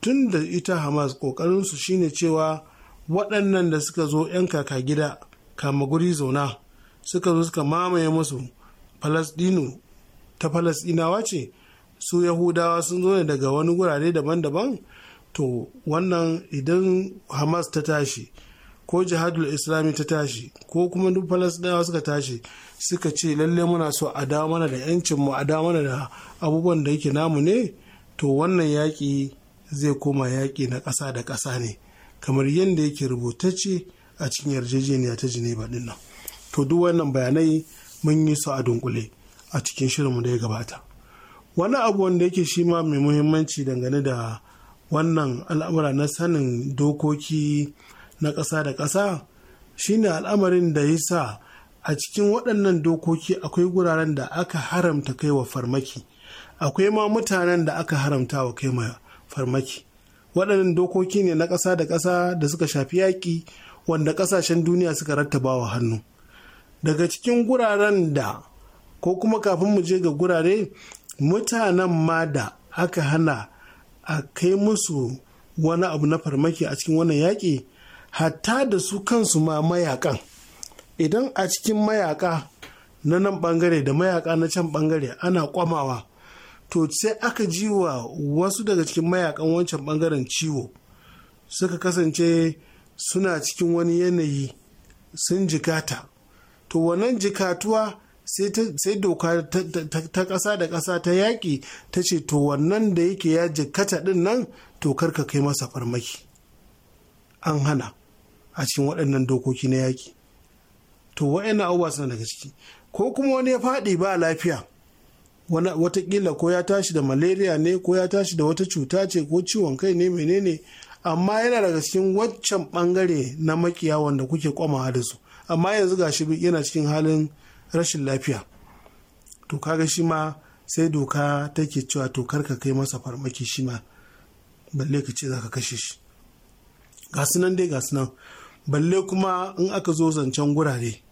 tun da ita hamas ƙoƙarinsu shine cewa waɗannan da suka zo 'yan kaka gida kama guri zauna suka zo suka mamaye musu falasdino ta falasdinawa ce su yahudawa sun zo ne daga wani wurare daban-daban to wannan idan hamas ta tashi ko jihadul islami ta tashi ko kuma duk falasdinawa suka tashi suka ce lalle muna so a dawo mana da 'yancinmu a dawo mana da abubuwan da yake namu ne to wannan yaƙi zai koma yaƙi na ƙasa da ƙasa ne. kamar yadda yake rubutacce a cikin yarjejeniya ta Geneva din nan. To duk wannan bayanai mun yi su a dunkule a cikin shirinmu da ya gabata. Wani abu wanda yake shi ma mai muhimmanci dangane da wannan al'amura na sanin dokoki na ƙasa da ƙasa shine al'amarin da ya sa a cikin waɗannan dokoki akwai guraren da aka haramta kai wa farmaki akwai ma mutanen da aka haramta wa kai ma farmaki waɗannan dokoki ne na ƙasa da ƙasa da suka shafi yaƙi wanda ƙasashen duniya suka rattabawa hannu daga cikin guraren da ko kuma kafin mu je ga gurare mutanen ma da aka hana a kai musu wani abu na farmaki a cikin wannan yaƙi hatta da su kansu ma mayakan idan a cikin mayaka na nan ɓangare da mayaka na can ɓangare ana kwamawa to sai aka ji wa wasu daga cikin mayakan wancan bangaren ciwo suka kasance suna cikin wani yanayi sun jikata to wannan jikatuwa sai doka ta ƙasa da ƙasa ta yaƙi ta ce to wannan da yake ya jikata ɗin nan to karka kai masa farmaki an hana a cikin waɗannan dokoki na yaƙi to wa'ina abubuwa suna daga ciki ko kuma wani ya faɗi ba lafiya watakila ko ya tashi da malaria ne ko ya tashi da wata cuta ce ko ciwon kai ne menene amma yana daga cikin waccan bangare na makiya wanda kuke kwamawa da su amma yanzu gashi yana cikin halin rashin lafiya to kaga shi ma sai doka take cewa to ka kai masa farmaki shi ma balle ka ce zaka kashe shi ga nan dai ga nan balle kuma in aka zo zancen gurare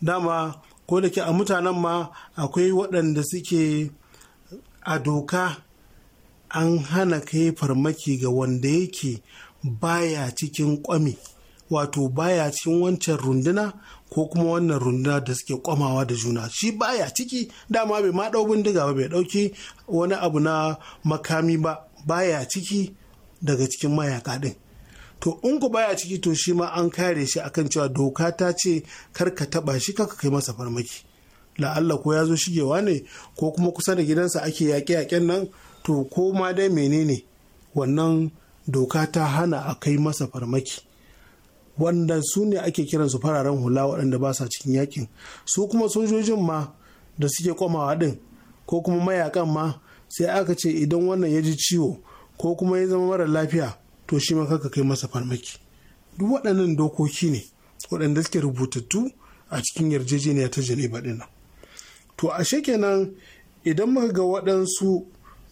dama ko da ke a mutanen ma akwai waɗanda suke a doka an hana kai farmaki ga wanda yake baya cikin kwami wato baya cikin wancan runduna ko kuma wannan runduna da suke kwamawa da juna shi baya ciki dama bai ma ɗau bindiga ba bai ɗauki wani abu na makami ba baya ciki daga cikin mayaka ɗin to in ku baya ciki to shi ma an kare shi akan cewa doka ta ce kar ka taba shi kaka kai masa farmaki la'alla ko ya zo shigewa ne ko kuma kusa da gidansa ake yaƙe yaƙen nan to ko ma dai menene wannan doka ta hana a kai masa farmaki wanda su ne ake kiran su fararen hula waɗanda ba sa cikin yakin su kuma sojojin ma da suke komawa ɗin ko kuma mayakan ma sai aka ce idan wannan ya ji ciwo ko kuma ya zama mara lafiya to shi ma kaka kai masa farmaki duk waɗannan dokoki ne waɗanda suke rubutattu a cikin yarjejeniya ta janeba ɗin to a kenan idan muka ga waɗansu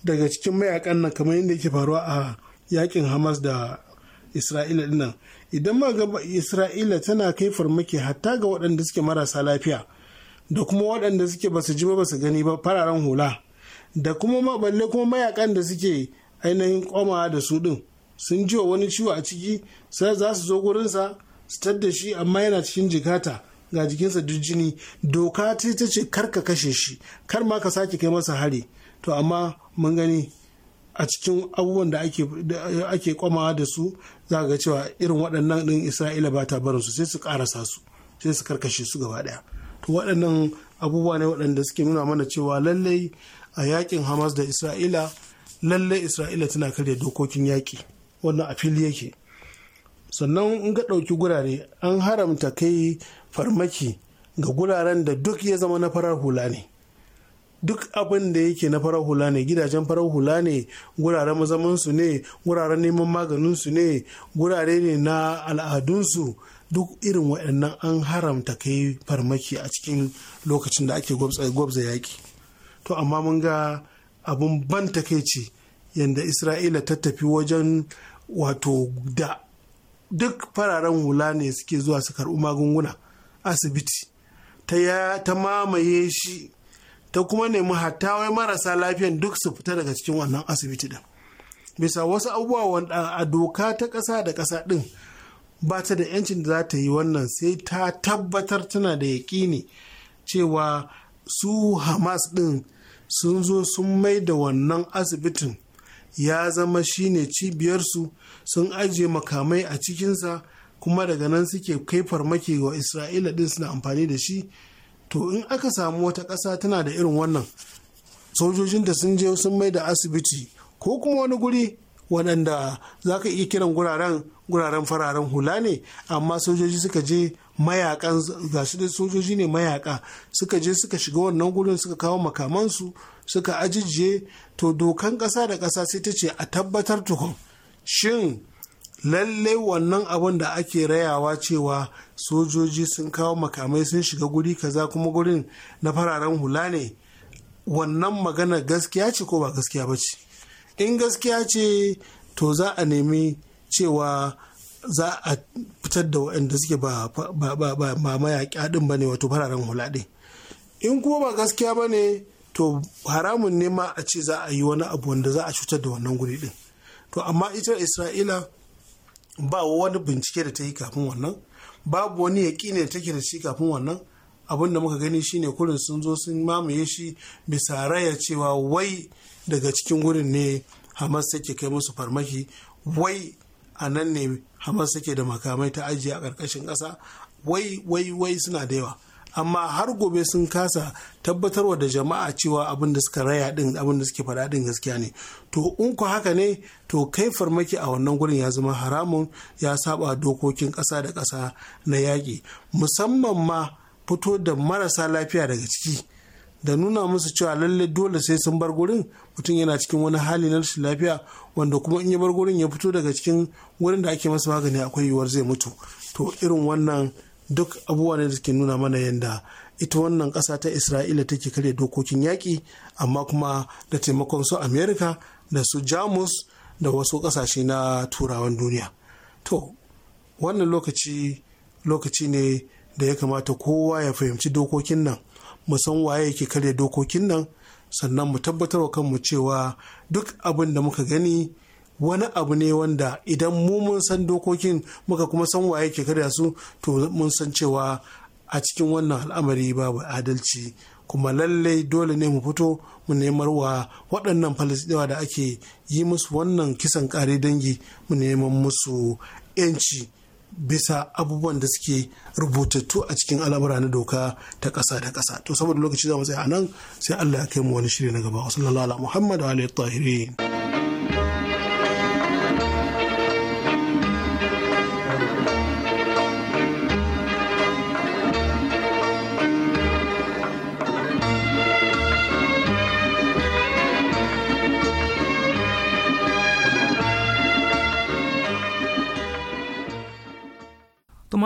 daga cikin mayakan nan kamar yadda yake faruwa a yakin Hamas da Isra'ila ɗin idan muka ga Isra'ila tana kai farmaki hatta ga waɗanda suke marasa lafiya da kuma waɗanda suke basu ji ba basu gani ba fararen hula da kuma balle kuma mayakan da suke ainihin komawa da su ɗin sun ji wa wani ciwo a ciki sai za su zo gurinsa su tadda shi amma yana cikin jikata ga jikinsa duk jini doka ce ta ce kar ka kashe shi kar ma ka sake kai masa hari to amma mun gani a cikin abubuwan da ake kwamawa da su za ga cewa irin waɗannan ɗin isra'ila ba ta barinsu sai su ƙarasa su sai su karkashe su gaba ɗaya to waɗannan abubuwa ne waɗanda suke nuna mana cewa lallai a yakin hamas da isra'ila lallai isra'ila tana karya dokokin yaƙi wannan a fili yake sannan in ka ɗauki gurare an haramta kai farmaki ga guraren da duk ya zama na farar hula ne duk abin da yake na farar hula ne gidajen farar hula ne guraren mazamansu ne guraren neman maganinsu ne gurare ne na al'adunsu duk irin waɗannan an haramta kai farmaki a cikin lokacin da ake gwabza yaƙi to amma mun ga abin ban takaici yadda isra'ila ta tafi wajen wato da duk fararen hula ne suke zuwa su karɓi magunguna asibiti ta ya ta mamaye shi ta kuma nemi hatta wai marasa lafiyan duk su fita daga cikin wannan asibiti din bisa wasu abubuwa wanda a doka ta ƙasa da ƙasa ɗin ba ta da 'yancin da za ta yi wannan sai ta tabbatar tana da ne cewa su hamas ɗin sun zo sun mai da wannan asibitin ya zama shine cibiyarsu sun ajiye makamai a cikinsa kuma daga nan suke kai farmaki wa isra'ila din suna amfani da shi to in aka samu wata ƙasa tana da irin wannan sojojinta sun je sun mai da asibiti ko kuma wani guri waɗanda za ka iya kiran guraren guraren fararen hula ne amma sojoji suka je mayakan gashi da sojoji ne mayaka suka je suka shiga wannan gurin suka kawo makamansu suka ajijiye to dokan ƙasa da ƙasa sai ta ce a tabbatar tukun shin lalle wannan abin da ake rayawa cewa sojoji sun kawo makamai sun shiga guri kaza kuma gurin na fararen hula ne wannan magana gaskiya ce ko ba gaskiya ba ce in gaskiya ce to za a nemi cewa za a fitar da waɗanda suke ba mayaƙi ɗin ba ne wato fararen hula ɗin in kuma ba gaskiya ba ne to haramun ne ma a ce za a yi wani abu wanda za a cutar da wannan guri ɗin to amma ita isra'ila ba wani bincike da ta yi kafin wannan babu wani yaƙi da take da shi kafin wannan abin da muka gani shine kurin sun zo sun mamaye shi bisa raya cewa wai daga cikin gurin ne hamas take kai musu farmaki wai a nan ne hamas suke da makamai ta ajiye a ƙarƙashin ƙasa wai wai wai suna da yawa amma har gobe sun kasa tabbatarwa da jama'a cewa abin da suka raya din abin da suke faɗa din gaskiya ne to in ku haka ne to kai farmaki a wannan gurin ya zama haramun ya saba dokokin ƙasa da ƙasa na yaƙi musamman ma fito da marasa lafiya daga ciki da nuna musu cewa lalle dole sai sun bar gurin mutum yana cikin wani hali na rashin lafiya wanda kuma in ya bar gurin ya fito daga cikin wurin da ake masa magani akwai yiwuwar zai mutu to irin wannan duk abubuwa ne da ke nuna mana yadda ita wannan ƙasa ta isra'ila take karya dokokin yaƙi amma kuma da taimakon su amerika da su jamus da wasu ƙasashe na turawan duniya to wannan lokaci lokaci ne da ya kamata kowa ya fahimci dokokin nan mu san waye yake karya dokokin nan sannan mu tabbatar wa kanmu cewa duk abin da muka gani wani abu ne wanda idan mu mun san dokokin muka kuma san waye ke karya su to mun san cewa a cikin wannan al'amari babu adalci kuma lallai dole ne mu fito mu nemar wa waɗannan falasɗewa da ake yi musu wannan kisan ƙare dangi mu neman musu 'yanci bisa abubuwan da suke rubutattu a cikin al'amura na doka ta ƙasa da ƙasa to saboda lokaci za mu tsaya a nan sai Allah ya kai mu wani shiri na gaba wasu lalala muhammadu muhammad wa alihi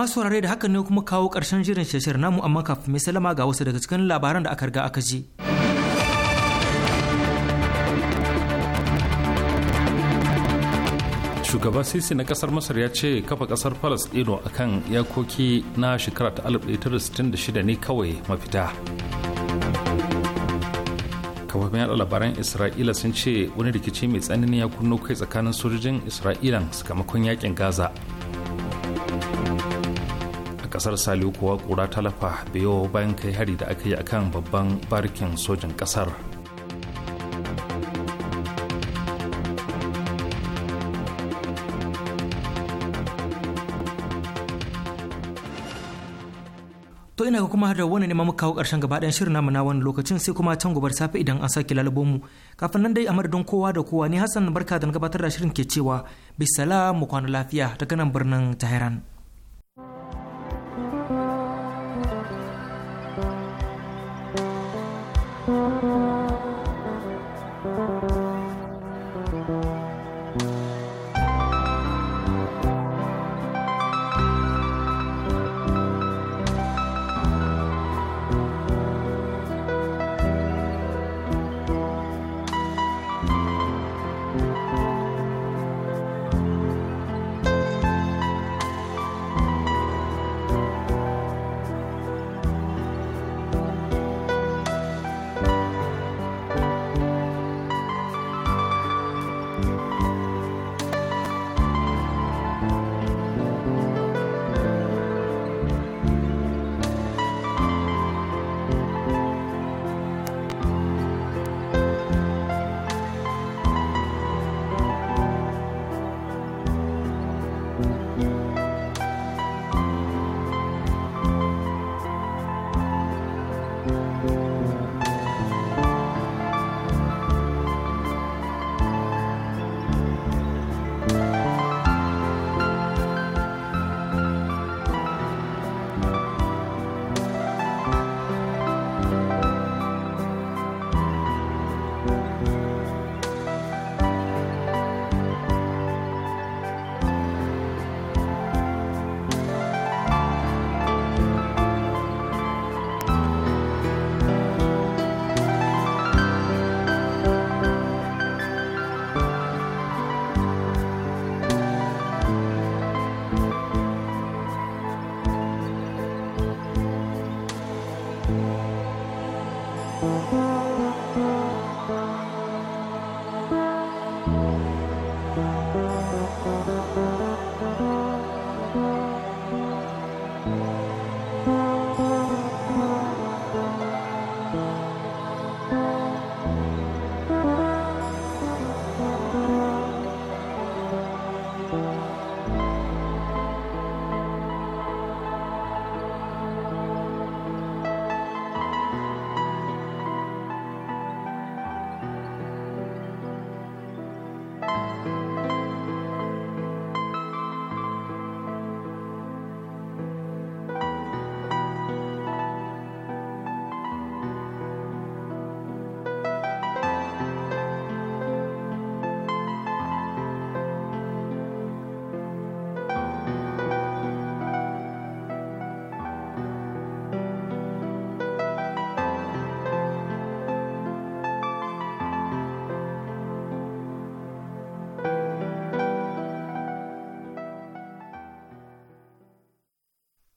masu saurare da hakan ne kuma kawo ƙarshen shirin shirin namu amma kafin mai salama ga wasu daga cikin labaran da aka riga aka ji. shugaba sisi na kasar masar ya ce kafa kasar palestino kan yakoki na shekara ta 1966 ne kawai mafita kafafin yada labaran isra'ila sun ce wani rikici mai tsanani ya kunno kai tsakanin sojojin isra'ilan sakamakon yakin gaza kasar sali kuwa kura talafa yau bayan kai hari da aka yi a kan babban barkin sojin kasar to ina ga kuma har da wani ne muka kawo karshen gaba ɗayan shirin namu na wani lokacin sai kuma can gobar safe idan an sake lalubo mu kafin nan dai a madadin kowa da kowa ni hassan barka da na gabatar da shirin ke cewa bisala mu kwana lafiya ta nan birnin tehran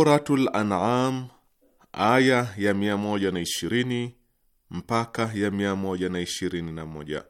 Suratul An'am aya ya 120 mpaka ya 121.